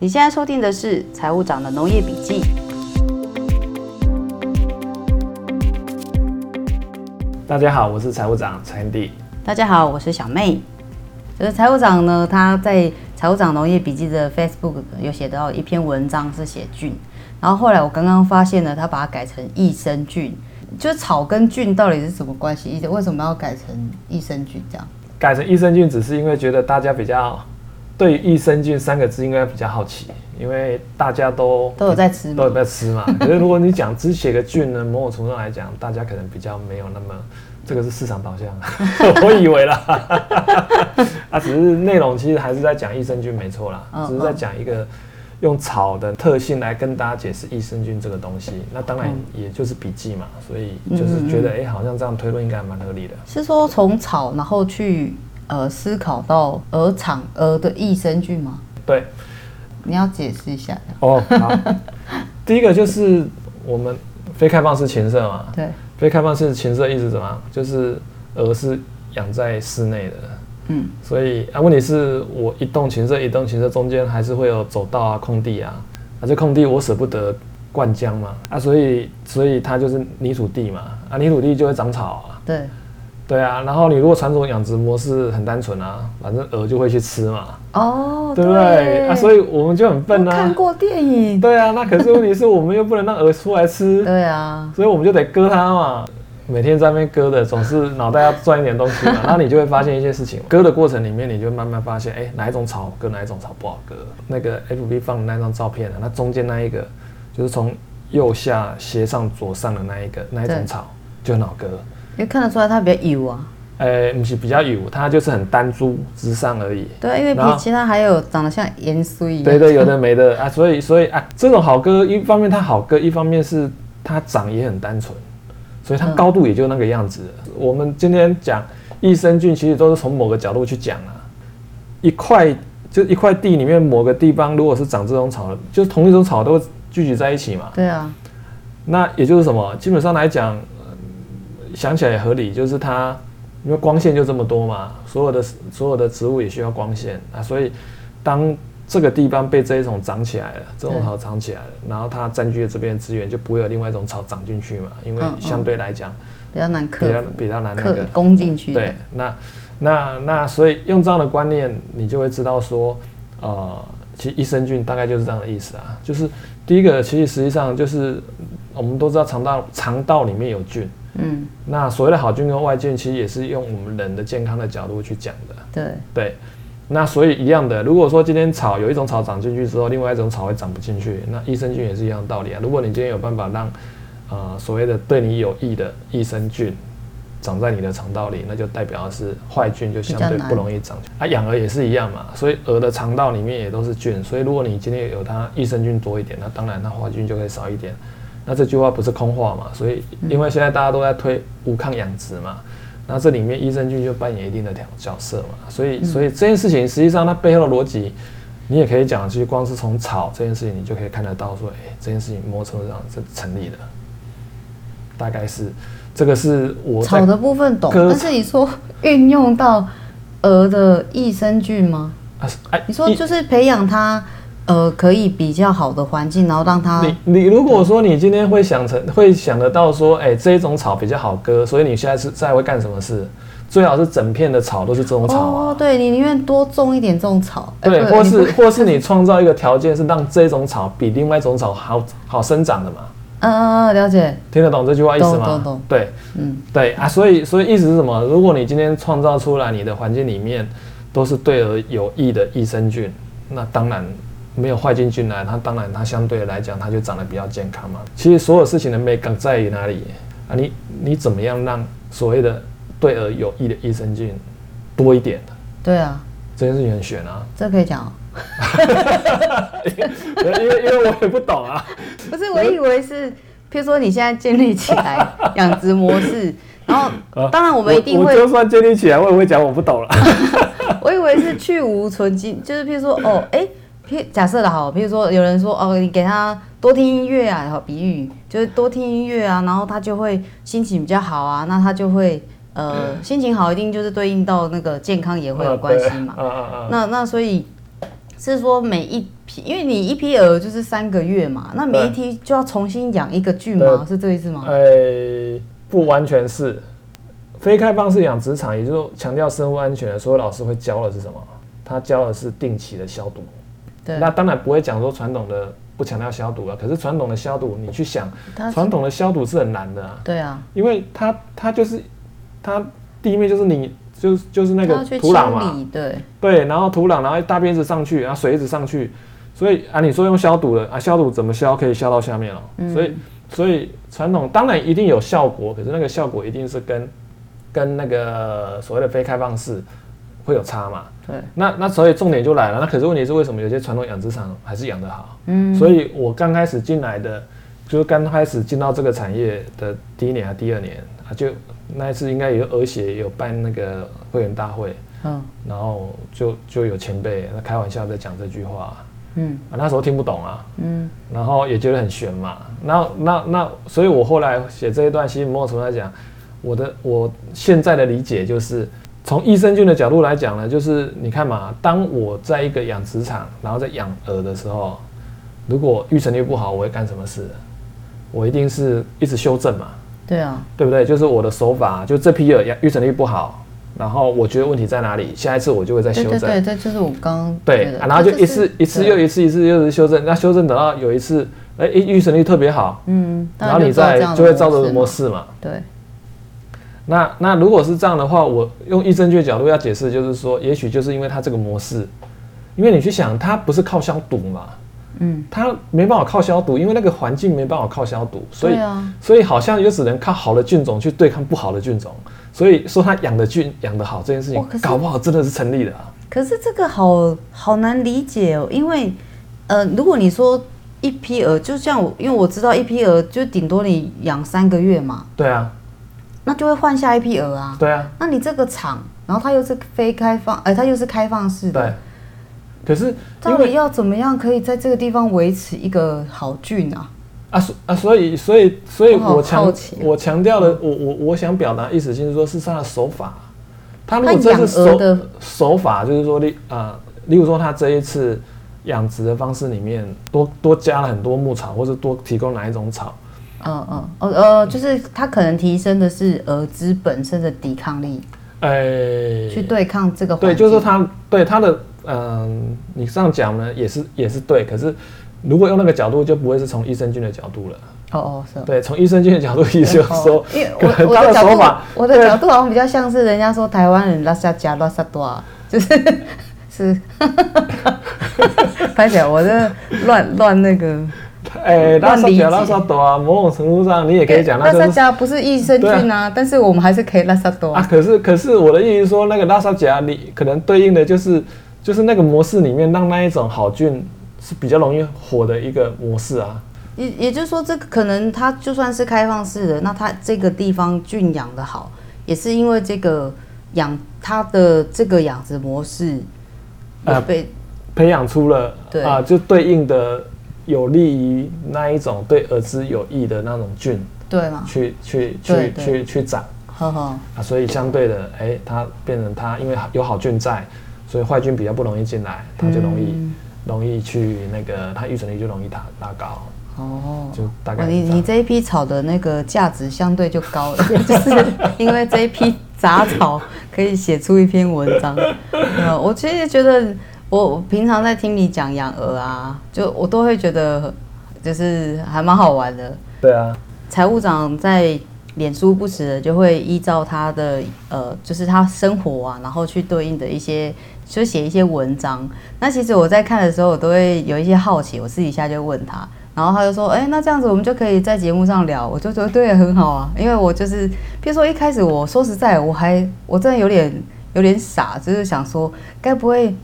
你現在收聽的是《財務長的農業筆記》。大家好，我是財務長陳迪。大家好，我是小妹。就是財務長呢，他在《財務長農業筆記》的 Facebook 有寫到一篇文章是寫菌，然後後來我剛剛發現了他把它改成益生菌，就是草跟菌到底是什麼關係？為什麼要改成益生菌這樣？改成益生菌只是因為覺得大家比較對於益生菌三個字應該比較好奇，因為大家都都有在吃，都有在吃嘛。可是如果你講只寫個菌呢， 某種程度來講，大家可能比較沒有那麼，這個是市場導向， 我以為啦。 啊，只是內容其實還是在講益生菌沒錯啦、嗯，只是在講一個用草的特性來跟大家解釋益生菌這個東西。嗯、那當然也就是筆記嘛，所以就是覺得哎、嗯欸，好像這樣推論應該還蠻合理的。是說從草然後去。呃，思考到鵝場鵝的益生菌嗎？對，你要解釋一下。哦，好。 第一個就是我們非開放式禽舍嘛，對，非開放式禽舍意思怎麼樣？就是鵝是養在室內的，嗯，所以啊，問題是我一棟禽舍一棟禽舍中間還是會有走道啊、空地啊，啊，這空地我捨不得灌漿嘛，啊，所以所以它就是泥土地嘛，啊，泥土地就會長草啊，對。對啊，然後你如果傳統養殖模式很單純啊，反正鵝就會去吃嘛，哦、oh，對不對，對啊？所以我們就很笨啊。看過電影。對啊，那可是問題是，我們又不能讓鵝出來吃。 對啊，所以我們就得割它嘛，每天在那邊割的，總是腦袋要鑽一點東西嘛。然 後你就會發現一些事情，割的過程裡面，你就慢慢發現，哎，哪一種草割哪一種草不好割。那個 F B 放的那張照片啊，那中間那一個，就是從右下斜上左上的那一個，那一種草就很好割。你看得出來它比較油啊、欸，哎，不是比較油，它就是很單株直上而已。對、啊，因為比其他還有長得像鹽酥一樣。對對，有的沒的啊，所以所以啊，這種好歌一方面它好歌，一方面是他長也很單純，所以它高度也就那個樣子、嗯。我們今天講益生菌，其實都是從某個角度去講啊，一塊就一塊地裡面某個地方，如果是長這種草，就是同一種草都聚集在一起嘛。對啊，那也就是什麼，基本上來講。想起來也合理，就是它，因為光線就這麼多嘛，所有的所有的植物也需要光線啊，所以當這個地方被這一種長起來了，這種草長起來了，然後它佔據了這邊資源，就不會有另外一種草長進去嘛，因為相對來講、嗯嗯、比較難克，比較比較難克、那個、攻進去。對，那那那，所以用這樣的觀念，你就會知道說，呃，其實益生菌大概就是這樣的意思啊，就是第一個，其實實際上就是我們都知道腸道腸道裡面有菌。嗯，那所謂的好菌跟壞菌，其實也是用我們人的健康的角度去講的。對對，那所以一樣的，如果說今天草有一種草長進去之後，另外一種草會長不進去，那益生菌也是一樣的道理啊。如果你今天有辦法讓，呃，所謂的對你有益的益生菌長在你的腸道裡，那就代表是壞菌就相對不容易長。啊，養鵝也是一樣嘛，所以鵝的腸道裡面也都是菌，所以如果你今天有它益生菌多一點，那當然它壞菌就會少一點。那這句話不是空話嘛？所以，因為現在大家都在推無抗養殖嘛，那這裡面益生菌就扮演一定的角角色嘛。所以，所以這件事情實際上它背後的邏輯，你也可以講，其實光是從草這件事情，你就可以看得到說，哎、欸，這件事情某種程度上是成立的。大概是這個是我草的部分懂，但是你說運用到鵝的益生菌嗎、啊？你說就是培養它。呃，可以比較好的環境，然後讓它。你你如果說你今天會想成會想得到說，哎、欸，這一種草比較好割，所以你現在是現在會幹什麼事？最好是整片的草都是這種草哦。對你寧願多種一點這種草，欸、對，對，或是或是你創造一個條件，是讓這種草比另外一種草好好生長的嘛？啊嗯嗯，嗯，了解，聽得懂這句話意思嗎？懂懂對，嗯，對啊，所以所以意思是什麼？如果你今天創造出來你的環境裡面都是對鵝有益的益生菌，那當然。沒有壞菌進來，它當然它相對來講它就長得比較健康嘛。其實所有事情的美感在於哪裡啊你？你你怎麼樣讓所謂的對而有益的益生菌多一點？對啊，這件事情很玄啊，這可以講啊、喔。 因為因為我也不懂啊。不是，我以為是，譬如說你現在建立起來養殖模式， 然後當然我們一定會。我，我就算建立起來，會不會講我不懂了？ 我以為是去蕪存菁，就是譬如說哦，哎、欸。假設的好，比如說有人說哦，你給他多聽音樂啊，好比喻就是多聽音樂啊，然後他就會心情比較好啊，那他就會呃、嗯、心情好，一定就是對應到那個健康也會有關係嘛。啊、啊啊啊那那所以是說每一批，因為你一批鵝就是三個月嘛，那每一批就要重新養一個菌嗎？是這意思嗎？呃、欸，不完全是。非開放式養殖場，也就是強調生物安全，所以老師會教的是什麼？他教的是定期的消毒。那當然不會講說傳統的不強調消毒了，可是傳統的消毒，你去想，傳統的消毒是很難的啊。對啊，因為它它就是它地面就是你就是就是那個土壤嘛，對對，然後土壤，然後一大便一直上去，然後水一直上去，所以啊，你說用消毒的啊，消毒怎麼消可以消到下面了、哦嗯、所以所以傳統當然一定有效果，可是那個效果一定是跟跟那個所謂的非開放式。會有差嘛，對？對，那那，所以重點就來了。那可是問題是為什麼有些傳統養殖場還是養得好？嗯，所以我剛開始進來的，就是剛開始進到這個產業的第一年還，第二年啊，就那一次應該有鵝協有辦那個會員大會，嗯，然後就就有前輩那開玩笑在講這句話，嗯、啊，那時候聽不懂啊，嗯，然後也覺得很玄嘛。那那那，所以我後來寫這一段新聞沒什麼來講，我的我現在的理解就是。從益生菌的角度來講呢，就是你看嘛，當我在一個養殖場，然後在養鵝的時候，如果育成率不好，我會幹什麼事？我一定是一直修正嘛。對啊，對不對？就是我的手法，就這批鵝育成率不好，然後我覺得問題在哪裡，下一次我就會再修正。對，對，對，對，這就是我剛對、啊。然後就一次一次又一次一次又一次修正，那修正等到有一次哎，育成率特別好，嗯，然，然後你再就會造成什麼事嘛。對。那那如果是這樣的話，我用益生菌角度要解釋，就是說，也許就是因為它這個模式，因為你去想，它不是靠消毒嘛，嗯，它沒辦法靠消毒，因為那個環境沒辦法靠消毒，所以對啊，所以好像也只能靠好的菌種去對抗不好的菌種，所以說它養的菌養的好這件事情，搞不好真的是成立的啊。可是這個好好難理解哦，因為呃，如果你說一批鵝，就像我，因為我知道一批鵝就頂多你養三個月嘛，對啊。那就會換下一批鵝啊。對啊。那你這個場，然後它又是非開放，而、呃、它又是開放式的。對。可是，到底要怎麼樣可以在這個地方維持一個好菌啊？啊，所啊，所以，所以，所以我強、啊，我強調的，我我我想表達意思就是說，是他的手法。他如果這是手的手法，就是說，你，啊，例如說，他這一次養殖的方式裡面多，多多加了很多牧草，或者多提供哪一種草。嗯嗯哦哦、呃，就是他可能提升的是兒子本身的抵抗力，哎、欸，去對抗這個。對，就是說他對他的嗯、呃，你這樣講呢也是也是對。可是如果用那個角度，就不會是從益生菌的角度了。哦哦，是、啊、對，從益生菌的角度意思就是說、欸哦，因為我，我的角度 的法，我的角度好像比較像是人家說台灣人拉薩加拉薩多，就是是，哈哈 拍起來我真的亂亂那個。哎、欸，拉薩賈、拉薩朵啊，某種程度上你也可以講、就是欸。拉薩家不是益生菌啊，啊，但是我們還是可以拉薩朵、啊。啊，可是可是我的意思是說，那個拉薩賈，你可能對應的就是就是那個模式裡面讓那一種好菌是比較容易活的一個模式啊。也也就是說，這個可能它就算是開放式的，那它這個地方菌養得好，也是因為這個養它的這個養殖模式，呃，被培養出了啊、呃，就對應的。有利於那一種對兒子有益的那種菌，對嗎？去去去去去長，呵呵，啊，所以相對的，哎、欸，它變成它，因為有好菌在，所以壞菌比較不容易進來，它就容易、嗯、容易去那個，它育成率就容易打拉高。哦，就大概、哦、你你這一批草的那個價值相對就高了， 就是因為這一批雜草可以寫出一篇文章。 嗯、我其實覺得。我平常在聽你講養鵝啊，就我都會覺得就是還蠻好玩的。對啊，財務長在臉書不時的就會依照他的呃，就是他生活啊，然後去對應的一些就寫一些文章。那其實我在看的時候，我都會有一些好奇，我私底下就問他，然後他就說：“哎、欸，那這樣子我們就可以在節目上聊。”我就覺得對，很好啊，因為我就是，譬如說一開始，我說實在，我還我真的有點有點傻，就是想說，該不會……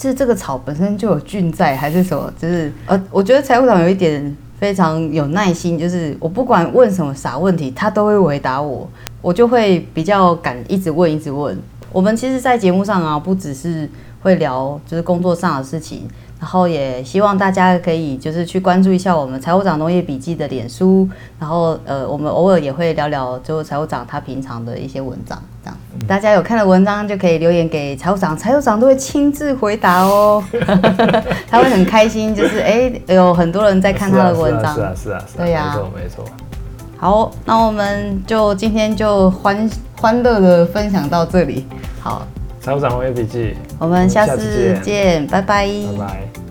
是這個草本身就有菌在，還是什麼？就是呃，我覺得財務長有一點非常有耐心，就是我不管問什麼傻問題，他都會回答我，我就會比較敢一直問，一直問。我們其實，在節目上啊，不只是會聊就是工作上的事情，然後也希望大家可以就是去關注一下我們財務長農業筆記的臉書，然後呃，我們偶爾也會聊聊就財務長他平常的一些文章，這樣。大家有看的文章就可以留言給財務長，財務長都會親自回答哦 他會很開心，就是哎、欸、有很多人在看他的文章，是啊是啊，是啊，是啊，是啊，對啊，沒錯沒錯。好，那我們就今天就歡歡樂的分享到這裡，好，財務長農業筆記我，我們下次見，拜拜，拜拜。